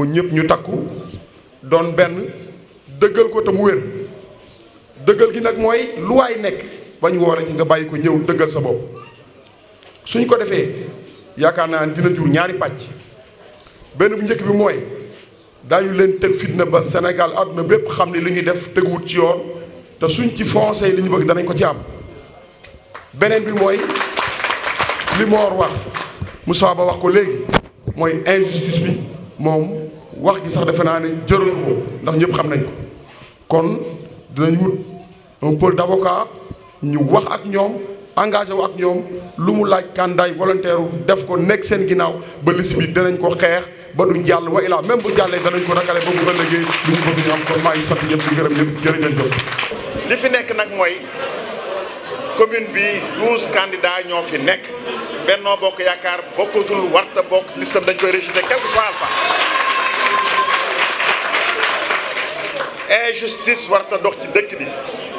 mu ñëpp ñu takku doon benn dëggal ko te mu wér dëggal gi nag mooy lu waay nekk bañ woole ci nga bàyyi ko ñëw dëggal sa bopp suñ ko defee yaakaar naa ne dina jur ñaari pàcc benn bu njëkk bi mooy daañu leen teg fitna ba Sénégal àdduna bépp xam ne li ñuy def teguwut ci yoon te suñ ci foncé li ñu bëgg danañ ko ci am beneen bi mooy li Mor wax Moussa Ba wax ko léegi mooy injustice bi moom wax ji sax defe naa ne jëral ko ndax ñëpp xam nañ ko kon dinañ wut un pôle d'avocat ñu wax ak ñoom engage wu ak ñoom lu mu laaj kàndaay volontaire def ko nekk seen ginnaaw ba liste bi danañ ko xeex ba du jàll wa ilaa même bu jàllee danañ ko rakale ba mu ëllëgee lu ñu bëgg ñu am kon maa ngi sant ñëpp di gërëm ñëpp jërëjëf jëf li fi nekk nag mooy commune bi douze candidats ñoo fi nekk Benno Bokk Yaakaar bokkatul warta bokk listam dañ koy rejeté quel que injustice warta dox ci dëkk bi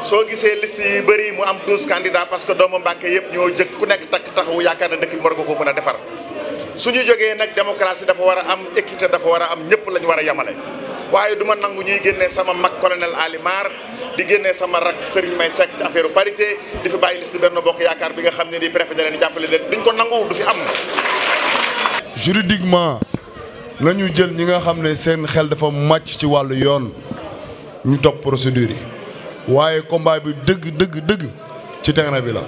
soo gisee liste yi bëri mu am douze candidats parce que doomu Mbàkke yëpp ñoo jëkk ku nekk takk taxawu yaakaar na dëkk bi war nga ko a defar su ñu jógee nag démocratie dafa war a am équité dafa war a am ñëpp la ñu war a yamale waaye du ma nangu ñuy génne sama mag colonel Ali Mar di génne sama rak Serigne May Seck ci affaire parité di fi bàyyi liste benn bokk yaakaar bi nga xam ne di préfet da leen jàppale leen duñ ko nangu du fi am. juridiquement nañu jël ñi nga xam ne seen xel dafa màcc ci wàllu yoon. ñu topp procédure yi waaye combat bi dëgg dëgg dëgg ci terrain bi la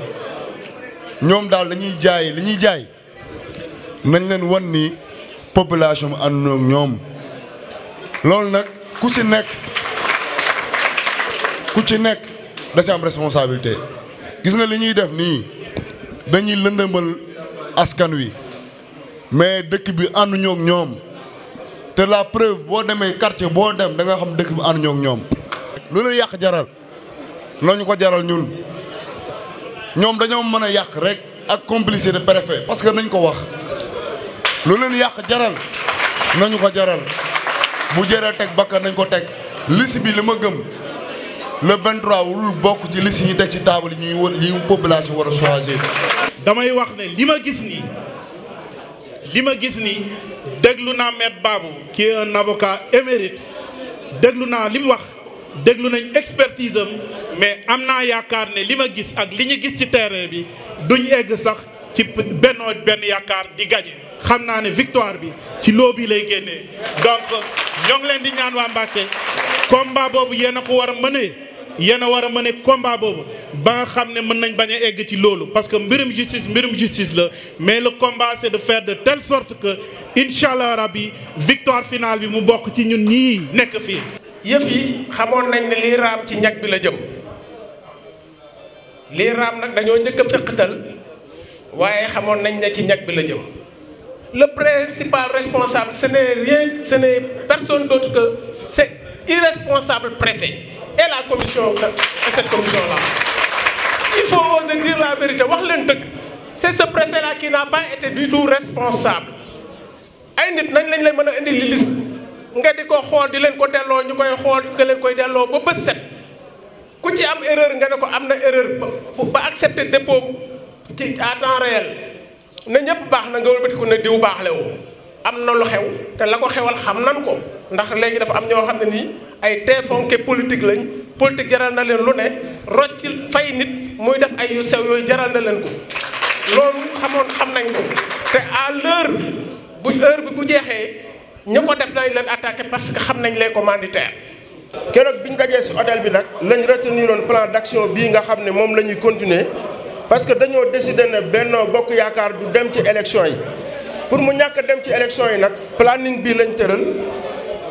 ñoom daal lañuy jaay li ñuy jaay nañ leen wan ni population bi ànd ñoom loolu nag ku ci nekk ku ci nekk da am responsabilité gis nga li ñuy def nii dañuy lëndëmbal askan wi mais dëkk bi ànduñoo ñoom te la preuve boo demee quartier boo dem da nga xam dëkk bi ànd ñoo ñoom. lu leen yàq jaral nañu ko jaral ñun ñoom dañoo mën a yàq rek ak complicité de préfet parce que nañ ko wax lu leen yàq jaral nañu ko jaral bu jëree teg bakkan nañ ko teg. liste bi li ma gëm le 23 wul bokk ci liste yi teg ci taabal yi ñuy war yi population war a choisir. damay wax ne li ma gis nii. li ma gis ni déglu naa maître Babou qui est un avocat émérite déglu naa li mu wax déglu nañ expertise am mais am naa yaakaar ne li ma gis ak li ñu gis ci terrain bi duñ egg sax ci bennoo benn yaakaar di gagné xam naa ne victoire bi ci loo bi lay génnee donc ñoo leen di ñaan waa Mbacké combat boobu yéen a ko war a mëne yéen a war a mënee combat boobu ba nga xam ne mën nañ bañ a egg ci loolu parce que mbirum justice mbirum justice la mais le combat de faire de telle sorte que incha allah rabbi victoire finale bi mu bokk ci ñun ñii nekk fii. yëf yi xamoon nañ ne lii raam ci ñag bi la jëm lii raam nag dañoo njëkk a fekkatal waaye xamoon nañ ne ci ñag bi la jëm. le principal responsable ce n'est rien ce n'est personne d'autre que c'est irresponsable préfet et la commission cette commission là il faut oser dire la vérité wax leen dëgg c'est ce préfet là qui n'a pas été du tout responsable ay nit nañ lañ lay mën a indi li nga di ko xool di leen ko delloo ñu koy xool nga leen koy delloo ba bët set ku ci am erreur nga ne ko am na erreur ba accepter dépôt ci à temps réel na ñëpp baax na nga wëlbatiku ne diw baax lewu am na lu xew te la ko xewal xam nan ko ndax léegi dafa am ñoo xam ne nii ay teefonke politique lañ politique jaral na leen lu ne roccil fay nit muy def ay yu sew yooyu jaral na leen ko loolu xamoon xam nañ ko te à l'heure bu heure bi bu jeexee ñu ko def nañ leen attaqué parce que xam nañ les commanditaires keroog bi ñu dajee si hôtel bi nag lañ retenir woon plan d'action bii nga xam ne moom la ñuy continuer parce que dañoo décider ne Benno Bokk Yaakaar du dem ci élection yi pour mu ñàkk dem ci élection yi nag planning bii lañ tëral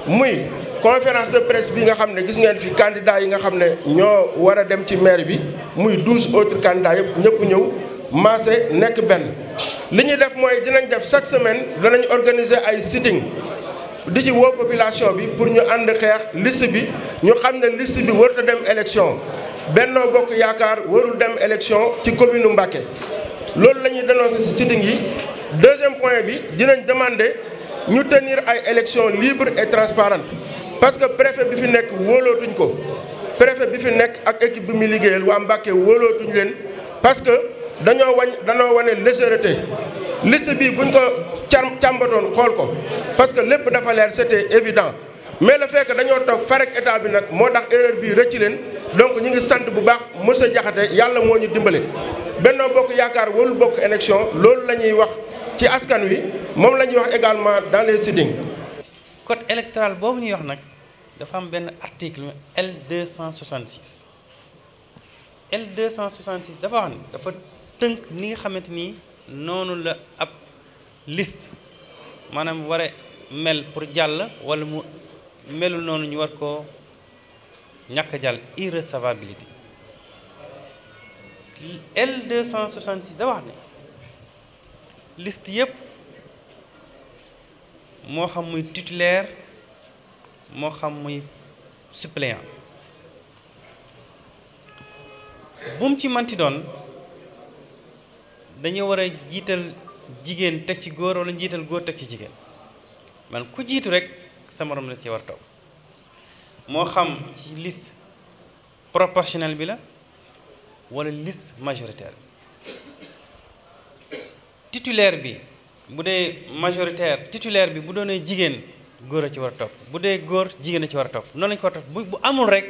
muy conférence de presse bi nga xam ne gis ngeen fi candidat yi nga xam ne ñoo war a dem ci maire bi muy douze autres candidats yëpp ñëpp ñëw maase nekk benn li ñu def mooy dinañ def chaque semaine danañ organiser ay sitting di ci woo population bi pour ñu ànd xeex list bi ñu xam ne liste bi warut dem élection Benno Bokk Yaakaar warul dem élection ci commune Mbacké loolu lañuy ñuy ci si sitting yi deuxième point bi dinañ demande ñu tenir ay élections libres et transparentes parce que préfet bi fi nekk wóolootuñ ko préfet bi fi nekk ak équipe bi muy liggéeyal waa Mbàkke wóolootuñ leen parce que dañoo wañ dañoo wane légèreté liste bii buñ ko càmbatoon xool ko parce que lépp dafa leer c'était évident mais la fait dañoo toog farek état bi nag moo tax erreur bii rëcc leen donc ñu ngi sant bu baax monsieur Jaxate yàlla moo ñu dimbale Benno Bokk Yaakaar warul bokk élection loolu la ñuy wax ci askan wi moom la ñuy wax également dans les sittings code électoral boobu ñuy wax nag dafa am benn article L 266 L 266 dafa wax ne dafa tënk ni nga xamante ni noonu la ab liste maanaam war mel pour jàll wala mu melu noonu ñu war koo ñàkk jàll irrecevabilité L 266 dafa wax ne liste yëpp moo xam muy titulaire. moo xam muy suppléant bu mu ci manti doon dañu war a jiital jigéen teg ci góor wala jiital góor teg ci jigéen man ku jiitu rek sa morom la ci war toog moo xam ci liste proportionnelle bi la walla liste majoritaire titulaire bi bu dee majoritaire titulaire bi bu doonee jigéen góor a ci war a topp bu dee góor jigéen a ci war a topp noonu lañ ko war a topp bu bu amul rek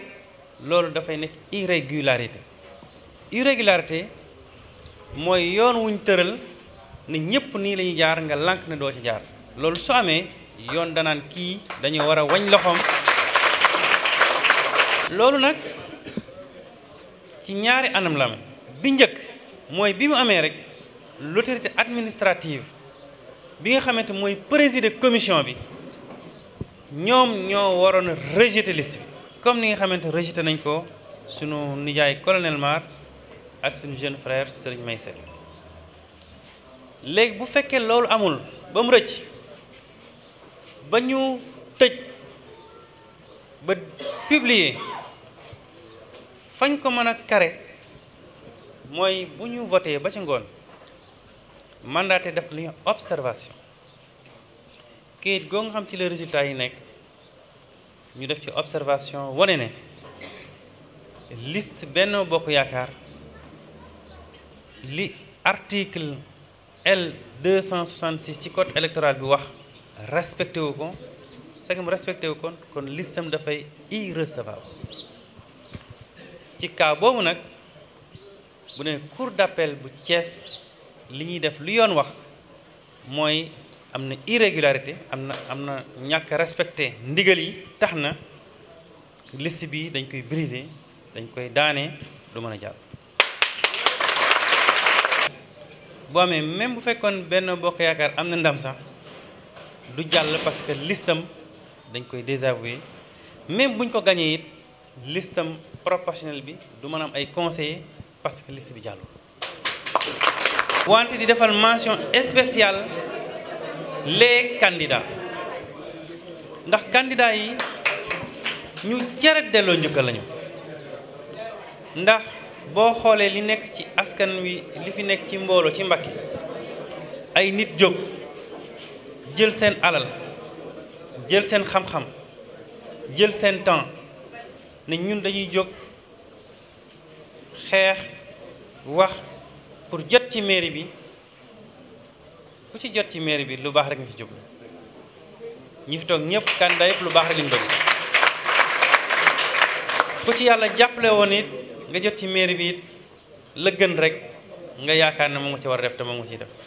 loolu dafay nekk irrégularité irrégularité mooy yoon wuñ tëral ne ñëpp nii la jaar nga lànk ne doo ci jaar loolu su amee yoon danaan kii dañoo war a wañ loxoom loolu nag ci ñaari anam la amee bi njëkk mooy bi mu amee rek l'autorité administrative bi nga xamante mooy présider commission bi ñoom ñoo waroon a rejeté bi comme ni nga xamante rejeté nañ ko sunu nijaay colonel Mar ak suñu jeune frère Serigne May Sène léegi bu fekkee loolu amul ba mu rëcc ba ñu tëj ba publier fañ ko mën a kare mooy bu ñu voté ba ci ngoon mandaté def lu ñu observation kayit goo nga xam ci la résultat yi nekk ñu def ci observation wane ne list Benno Bokk Yaakaar li article L 266 ci code électoral bi wax respecté wu ko segam respecté wu kon kon listam dafay irrecevable ci cas boobu nag bu ne cour d'appel bu Thiès li ñuy def lu yoon wax mooy am na irrégularité am na am na ñàkk respecté ndigal yi tax na list bi dañ koy brisé dañ koy daane du mën a jàll boo amee même bu fekkoon benn bokk yaakaar am na ndam sax du jàll parce que listam dañ koy désavoué même buñ ko gañee it listam proportionnel bi du mën am ay conseiller parce que list bi jàllul wante di defal mention spéciale les candidats ndax candidats yi ñu jaret delloo njukkal lañu ndax boo xoolee li nekk ci askan wi li fi nekk ci mbooloo ci Mbacké ay nit jóg jël seen alal jël seen xam-xam jël seen temps ne ñun dañuy jóg xeex wax pour jot ci mairie bi ku ci jot ci mairie bi lu baax rek nga ci jublu ñi fi toog ñëpp candidat lu baax rek lañ dog ku ci yàlla jàppale woon it nga jot ci mairie bi it la gën rek nga yaakaar ne moom nga ci war a def te moom nga ciy def.